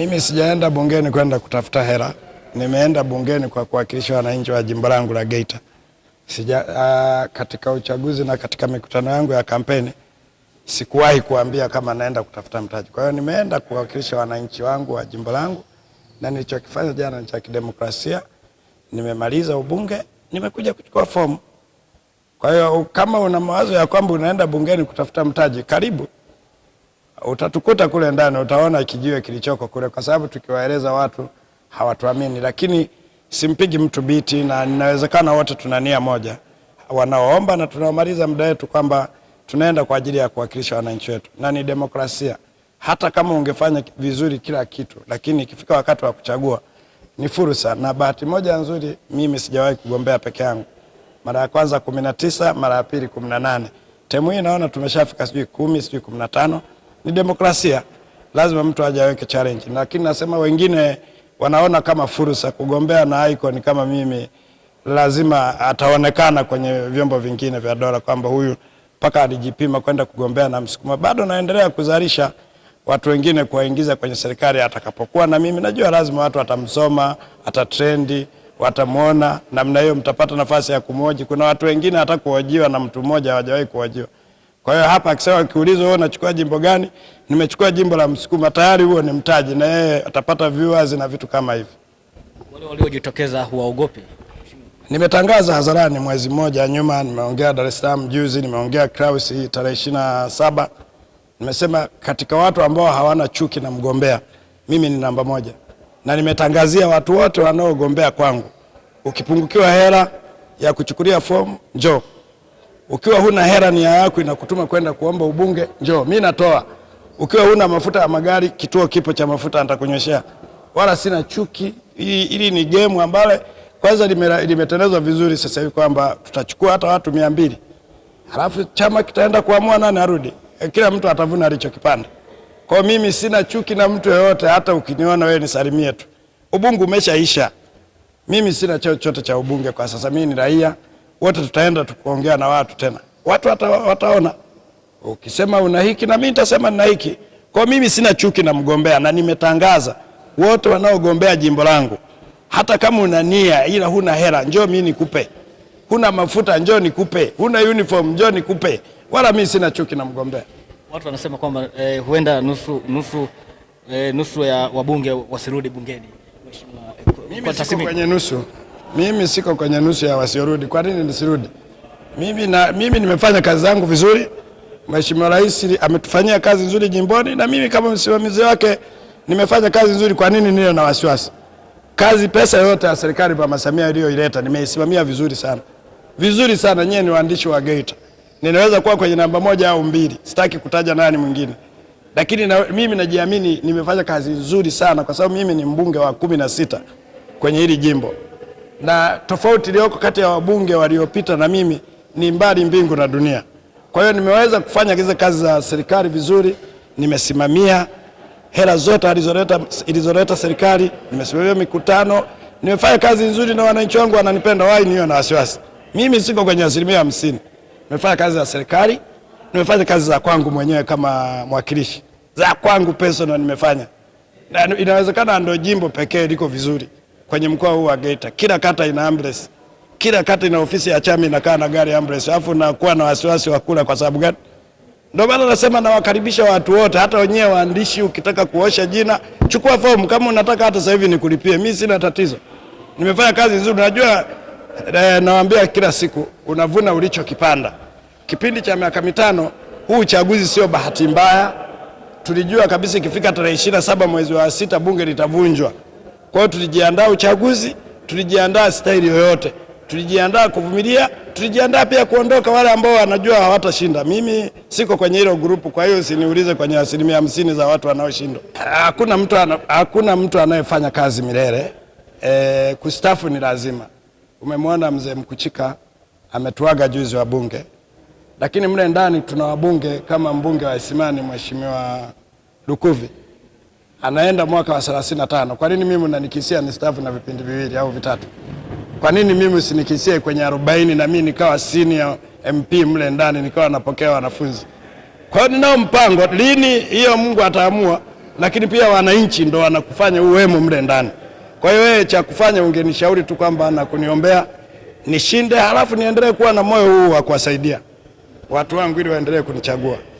Mimi sijaenda bungeni kwenda kutafuta hela, nimeenda bungeni kwa kuwakilisha wananchi wa jimbo langu la Geita. Sija, uh, katika uchaguzi na katika mikutano yangu ya kampeni sikuwahi kuambia kama naenda kutafuta mtaji. Kwa hiyo nimeenda kuwakilisha wananchi wangu wa jimbo langu, na nilichokifanya jana ni cha kidemokrasia. Nimemaliza ubunge, nimekuja kuchukua fomu. Kwa hiyo kama una mawazo ya kwamba unaenda bungeni kutafuta mtaji, karibu. Utatukuta kule ndani, utaona kijiwe kilichoko kule, kwa sababu tukiwaeleza watu hawatuamini. Lakini simpigi mtu biti, na inawezekana wote tuna nia moja, wanaoomba na tunaomaliza muda wetu, kwamba tunaenda kwa ajili ya kuwakilisha wananchi wetu, na ni demokrasia. Hata kama ungefanya vizuri kila kitu, lakini ikifika wakati wa kuchagua ni fursa. Na bahati moja nzuri, mimi sijawahi kugombea peke yangu, mara ya kwanza kumi na tisa, mara ya pili kumi na nane. Temu hii naona tumeshafika sijui kumi, sijui kumi na tano ni demokrasia, lazima mtu aje aweke challenge. Lakini nasema wengine wanaona kama fursa kugombea na icon kama mimi, lazima ataonekana kwenye vyombo vingine vya dola kwamba huyu mpaka alijipima kwenda kugombea na Msukuma. Bado naendelea kuzalisha watu wengine kuwaingiza kwenye serikali. Atakapokuwa na mimi, najua lazima watu watamsoma, atatrendi, watamwona namna hiyo, mtapata nafasi ya kumhoji. Kuna watu wengine hata kuhojiwa na mtu mmoja hawajawahi kuhojiwa. Kwa hiyo hapa akisema akiulizwa, wewe unachukua jimbo gani? Nimechukua jimbo la Msukuma, tayari huo ni mtaji, na yeye atapata viewers na vitu kama hivi Wale waliojitokeza huwaogopi? Nimetangaza hadharani mwezi mmoja nyuma, nimeongea Dar es Salaam juzi, nimeongea Kraus tarehe ishirini na saba. Nimesema katika watu ambao hawana chuki na mgombea, mimi ni namba moja, na nimetangazia watu wote wanaogombea kwangu, ukipungukiwa hela ya kuchukulia fomu njoo ukiwa huna hera, nia yako inakutuma kwenda kuomba ubunge, njoo mi natoa. Ukiwa huna mafuta ya magari, kituo kipo cha mafuta, nitakunyoshea. Wala sina chuki. Hili ni game ambalo kwanza limetendezwa vizuri sasa hivi kwamba tutachukua hata watu mia mbili halafu chama kitaenda kuamua nani arudi. Eh, kila mtu atavuna alichokipanda. Kwa mimi sina chuki na mtu yeyote, hata ukiniona wewe nisalimie tu. Ubunge umeshaisha. Mimi sina chochote cha ubunge kwa sasa, mimi ni raia wote tutaenda tukuongea na watu tena, watu wataona ukisema una hiki na mimi nitasema nina hiki. Kwa mimi sina chuki na mgombea, na nimetangaza wote wanaogombea jimbo langu, hata kama una nia ila huna hela, njoo mimi nikupe. Huna mafuta, njoo nikupe. Huna uniform, njoo nikupe. Wala mimi sina chuki na mgombea. Watu wanasema kwamba eh, huenda nusu, nusu, eh, nusu ya wabunge wasirudi bungeni. Mheshimiwa, eh, mimi siko kwenye nusu mimi siko kwenye nusu ya wasiorudi. Kwa nini nisirudi? Mimi, na, mimi nimefanya kazi zangu vizuri. Mheshimiwa Rais ametufanyia kazi nzuri jimboni, na mimi kama msimamizi wake nimefanya kazi nzuri. Kwa nini niwe na wasiwasi? Kazi, pesa yote ya serikali Mama Samia iliyoileta nimeisimamia vizuri sana, vizuri sana. Nyewe ni waandishi wa Geita, ninaweza kuwa kwenye namba moja au mbili, sitaki kutaja nani mwingine, lakini na, mimi najiamini nimefanya kazi nzuri sana, kwa sababu mimi ni mbunge wa kumi na sita kwenye hili jimbo na tofauti iliyoko kati ya wabunge waliopita na mimi ni mbali mbingu na dunia. Kwa hiyo nimeweza kufanya hizo kazi za serikali vizuri, nimesimamia hela zote ilizoleta serikali, nimesimamia mikutano, nimefanya kazi nzuri na wananchi wangu wananipenda, wai niyo na wasiwasi. Mimi siko kwenye asilimia hamsini. Nimefanya kazi za serikali, nimefanya kazi za kwangu mwenyewe kama mwakilishi za kwangu personal nimefanya, na inawezekana ndio jimbo pekee liko vizuri kwenye mkoa huu wa Geita. Kila kata ina ambulance, kila kata ina ofisi ya chama inakaa na gari ambulance, alafu nakuwa na wasiwasi wa kula. Kwa sababu gani? Ndio maana nasema nawakaribisha watu wote, hata wenyewe waandishi. Ukitaka kuosha jina, chukua fomu kama unataka, hata sasa hivi nikulipie, mimi sina tatizo. Nimefanya kazi nzuri, najua eh, nawaambia kila siku unavuna ulichokipanda. Kipindi cha miaka mitano huu uchaguzi sio bahati mbaya. Tulijua kabisa ikifika tarehe 27 mwezi wa sita bunge litavunjwa. Kwa hiyo tulijiandaa uchaguzi, tulijiandaa staili yoyote, tulijiandaa kuvumilia, tulijiandaa pia kuondoka wale ambao wanajua hawatashinda. Mimi siko kwenye hilo grupu, kwa hiyo usiniulize kwenye asilimia hamsini za watu wanaoshindwa. Hakuna mtu, hakuna mtu anayefanya kazi milele. E, kustafu ni lazima. Umemwona mzee Mkuchika ametuaga juzi wa bunge, lakini mle ndani tuna wabunge kama mbunge wa Isimani Mheshimiwa Lukuvi anaenda mwaka wa 35. Kwa nini mimi mnanikisia nistaafu na vipindi viwili au vitatu? Kwa nini mimi usinikisie kwenye 40 na mimi nikawa senior MP mle ndani nikawa napokea wanafunzi? Kwa hiyo ninao mpango, lini hiyo Mungu ataamua, lakini pia wananchi ndo wanakufanya uwemo mle ndani. Kwa hiyo wewe cha kufanya ungenishauri tu kwamba na kuniombea nishinde, halafu niendelee kuwa na moyo huu wa kuwasaidia watu wangu ili waendelee kunichagua.